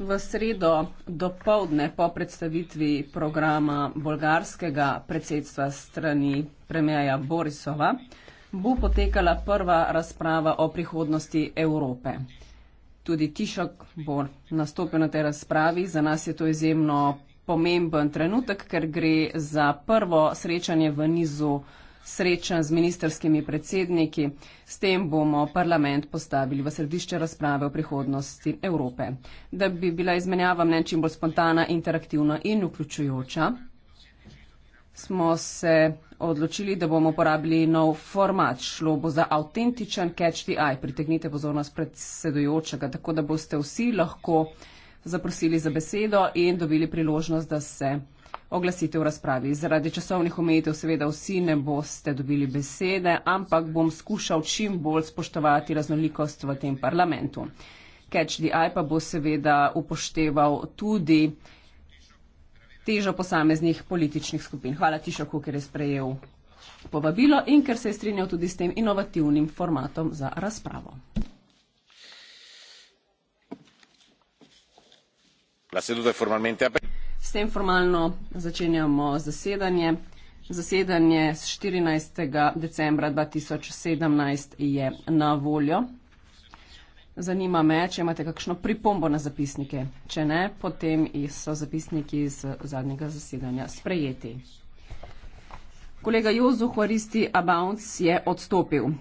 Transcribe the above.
V sredo do povdne po predstavitvi programa bolgarskega predsedstva strani premjeja Borisova bo potekala prva razprava o prihodnosti Evrope. Tudi Tišok bo nastopil na tej razpravi. Za nas je to izjemno pomemben trenutek, ker gre za prvo srečanje v nizu srečanj z ministerskimi predsedniki. S tem bomo parlament postavili v središče razprave o prihodnosti Evrope. Da bi bila izmenjava mnen čim bolj spontana, interaktivna in vključujoča, smo se odločili, da bomo uporabili nov format. Šlo bo za avtentičen catch the eye. Pritegnite pozornost predsedujočega, tako da boste vsi lahko zaprosili za besedo in dobili priložnost, da se oglasite v razpravi. Zaradi časovnih omejitev seveda vsi ne boste dobili besede, ampak bom skušal čim bolj spoštovati raznolikost v tem parlamentu. Catch the Eye pa bo seveda upošteval tudi težo posameznih političnih skupin. Hvala Tišo Kuker je sprejel povabilo in ker se je strinjal tudi s tem inovativnim formatom za razpravo. La seduta è formalmente aperta. S tem formalno začenjamo zasedanje. Zasedanje z 14. decembra 2017 je na voljo. Zanima me, če imate kakšno pripombo na zapisnike. Če ne, potem so zapisniki z zadnjega zasedanja sprejeti. Kolega Jozo Horisti Abounc je odstopil.